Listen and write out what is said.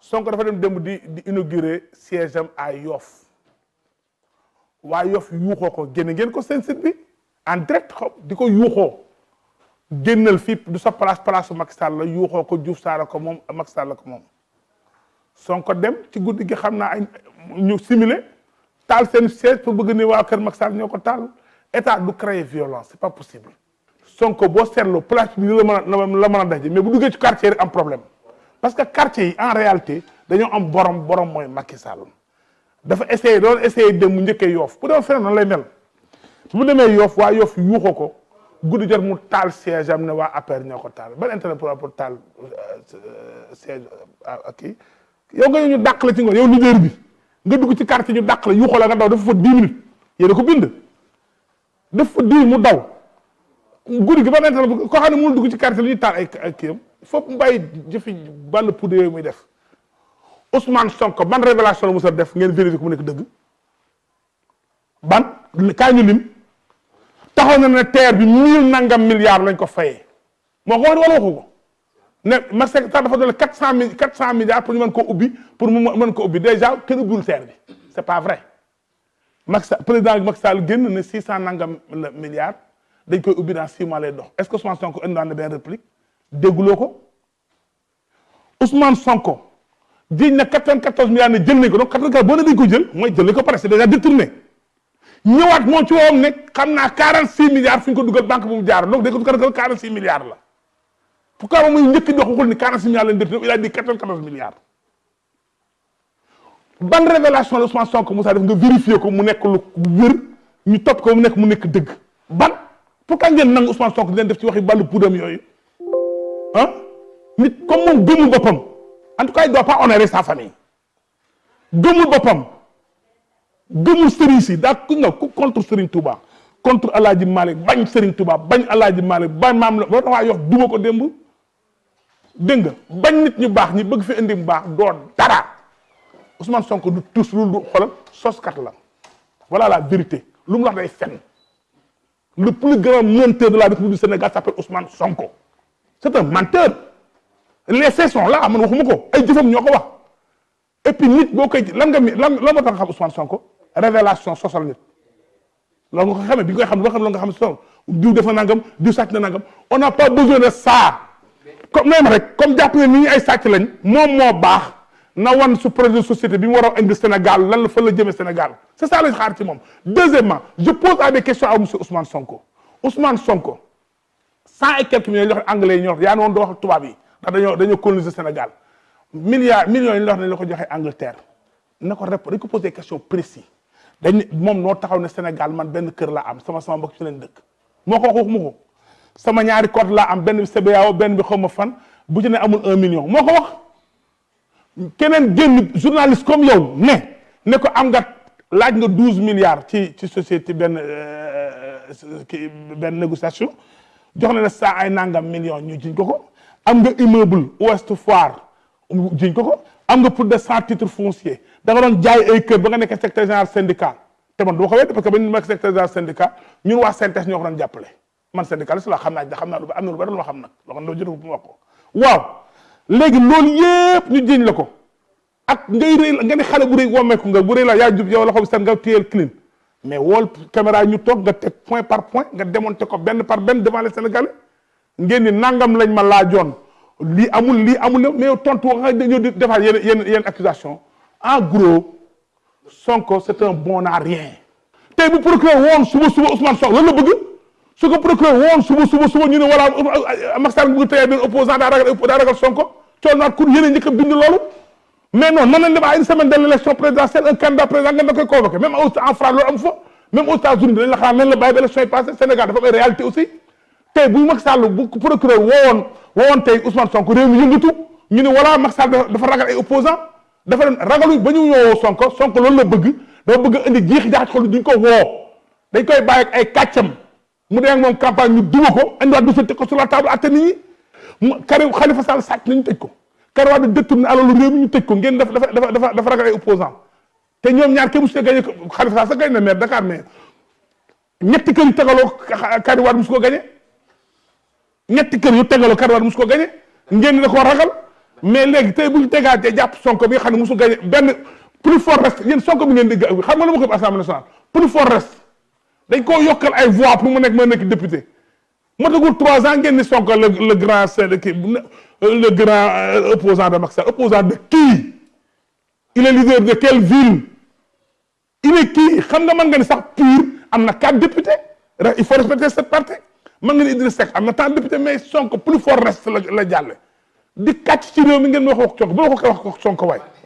Sonko dafa dem démb di di inauguré siège am à Yoff waa Yoff yuuxoo ko génne ngeen ko seen site bi di ko yuuxoo génnal fii du sa place place su Macky la yuuxoo ko Diouf Sarr ko moom Macky Sall ko moom Sonko dem ci guddi gi xam naa ay ñu simulé taal seen siège pour bëgg ni waa kër Macky Sall ñoo ko taal état du créer violence c'est pas possible Sonko boo seetloo place bi la mën la mën a daje mais bu duggee ci quartier am problème parce que quartier yi en réalité dañoo am borom borom mooy Macky Sall dafa essayé doon essayé dem mu njëkkee yoof bu doon feneen noonu lay mel bu demee yoof waa yoof yuuxoo ko guddi jot mu taal siège ne waa APR ñoo ko taal ban intérêt pour taal euh, siège euh, kii yow nga ñu dàq la ci ngoon yow bi nga dugg ci quartier ñu dàq la yuuxoo la nga daw dafa fa dix minutes yéena ko bind dafa fa dix mu daw guddi gi ban intérêt koo xam ne dugg ci quartier lu ñuy taal ay kiyam foog mu bàyyi jëfi bàll poudre yooyu muy def Ousmane Sonko ban révélation la musa def ngeen vérifié ko mu nekk dëgg ban kaa ñu lim taxaw na ne terre bi mille nangam milliards lañ ko fayee moo ko wax wala waxu ko ne Marseille sax dafa cent mille quatre cent milliards ñu mën koo ubbi pour mu mën ko ubbi déjà kenn ubbiwul terre bi c'est pas vrai Macky Sall président Macky Sall génn ne six cent nangam milliards dañ koy ubbi dans six mois lay dox est-ce que Ousmane Sonko indi na benn réplique dégguloo ko Ousmane Sonko jiñ na 94 milliards ne jël ne ko donc 94 boo ne dañ ko jël mooy jël nañ ko pare c'est déjà détourné ñëwaat moom ci woom ne xam naa 46 milliards fi ñu ko dugal banque bu mu jaar donc dañ ko dugal 46 milliards la pourquoi moom a dit 94 milliards. ban révélation la Ousmane Sonko Moussa def nga vérifier ko mu nekk lu wér ñu topp ko mu nekk mu nekk dëgg ban pourquoi ngeen nangu Ousmane Sonko di leen def ci waxi bàllu puudam yooyu. ah nit comme moom gëmul boppam en tout cas il doit pas honorer sa famille gëmul boppam gëmul sëriñ si daa ku nga ku contre sëriñ tubaa contre El Hadj Malick bañ sëriñ Touba bañ El Hadj Malick bañ maam la loolu tax waa yox duma ko démb dégg nga bañ nit ñu baax ñi bëgg fi indi mu baax doo dara Ousmane Sonko du tus lu du xoolal soskat la voilà la vérité lu mu wax day fenn le plus grand menteur de la République du Sénégal s'appelle Ousmane Sonko c'est un menteur les faits sont là man waxuma ko ay jëfam ñoo ko wax et puis boo ko lan nga mi lan lan moo tax nga xam Ousmane Sonko révélation sosal nit loolu nga ko xamee bi nga koy xam loo xam loolu nga xam sosal diw def na nangam diw sàcc na nangam on n'a pas besoin de comme même rek comme jàpp ne nit ñi ay sàcc lañ moom moo baax na wan su projet de société bi mu war a indi Sénégal lan la fa la jëmee Sénégal c'est ça lañ xaar ci moom deuxièmement je pose à des questions à monsieur usmaan Sonko Ousmane Sonko cent et quelques millions yi ñu wax anglais yi ñu wax yaa ngi woon doo wax tubaab yi ndax dañoo dañoo coloniser Sénégal milliards million yi ñu wax ne la ko joxee Angleterre na ko rep dañ ko posé question précis dañ moom noo taxaw ne Sénégal man benn kër laa am sama sama mbokk ci leen dëkk moo ko wax waxuma ko sama ñaari code laa am benn bi CBAO benn bi xaw ma fan bu ci ne amul un million moo ko wax keneen génn journaliste comme yow ne ne ko am nga laaj nga douze milliards ci ci société benn euh, euh, euh, benn négociation jox na la saa nangam million ñu jiñ ko ko am nga immeuble ouest foire jiñ ko ko am nga plus de cent titres fonciers da nga doon jaay ay kër ba nga nekk secrétaire général syndicat te man du ma ko wedd parce que ba ñu nekk secrétaire général syndicat ñun waa synthèse ñoo ko doon jàppale man syndicaliste la xam naa xam naa am na lu bari xam nag ko waaw léegi loolu yépp la ko ak ngay rëy nga ne xale bu rëy nga bu la yaa jub yow loxo bi seen nga téyel clean mais wol caméra ñu toog nga teg point par point nga demoon démonté ko benn par benn devant les Sénégalais ngeen ni nangam lañ ma laajoon lii amul lii amul mais yow tontu wax nga dañoo defaat yenn yenn yenn accusation en gros Sonko c'est un bon à tey bu procureur woon suba suba Ousmane Sonko lan la bëgg su ko procureur woon suba suba suba ñu ne voilà Macky Sall mu ngi tey benn opposant daa ragal daa ragal Sonko coono naat ku yéen a njëkk a bind loolu. mais non mën nañ dem à une semaine de l' élection présidentielle un candidat président ngeen da koy convoqué même en France loolu am fa même aux États-Unis dañ la xalaat nañ la bàyyi ba élection yi passé Sénégal dafa am ay réalité aussi tey bu Macky Sall bu procureur woowoon woowoon tey Sonko réew mi yëngatu ñu ne voilà Macky Sall dafa ragal ay opposants dafa dem ragalu ba ñu ñëwoo Sonko Sonko loolu la bëgg dafa bëgg a indi jiixi jaaxal xol duñ ko woo dañ koy bàyyi ak ay kàccam mu dee ak moom campagne ñu duma ko andiwaat dossier teg ko sur la table ko Karim Wade détourné alalu réew mi ñu tëj ko ngeen dafa dafa dafa dafa ragal ay opposant te ñoom ñaar kenn mu si gagné Khalifa Sall sax gagné na maire Dakar mais ñetti kër yu tegaloo Karim Wade musu ko gagné ñetti kër yu tegaloo ngeen da ko ragal mais léegi te bu ñu tegaatee jàpp Sonko bi nga xam ne musu gagné benn plus fort reste yéen Sonko bi ngeen di xam nga lu ma ko assemblée nationale plus fort reste koo yokkal ay voix pour mu nekk ma nekk député motagul trois ans ngeen ni Sonko le le grand kii Euh, le grand euh, opposant de Macky Sall opposant de qui il est leader de quelle ville il est kii xam nga mën nga ni sax am na quatre députés il faut respecter cette partie mën nga ni Idriss Seck am na tant député mais Sonko plus fort reste la la jàlle di kàcc ci réew mi ngeen wax wax Sonko bu la ko wax wax Sonko waay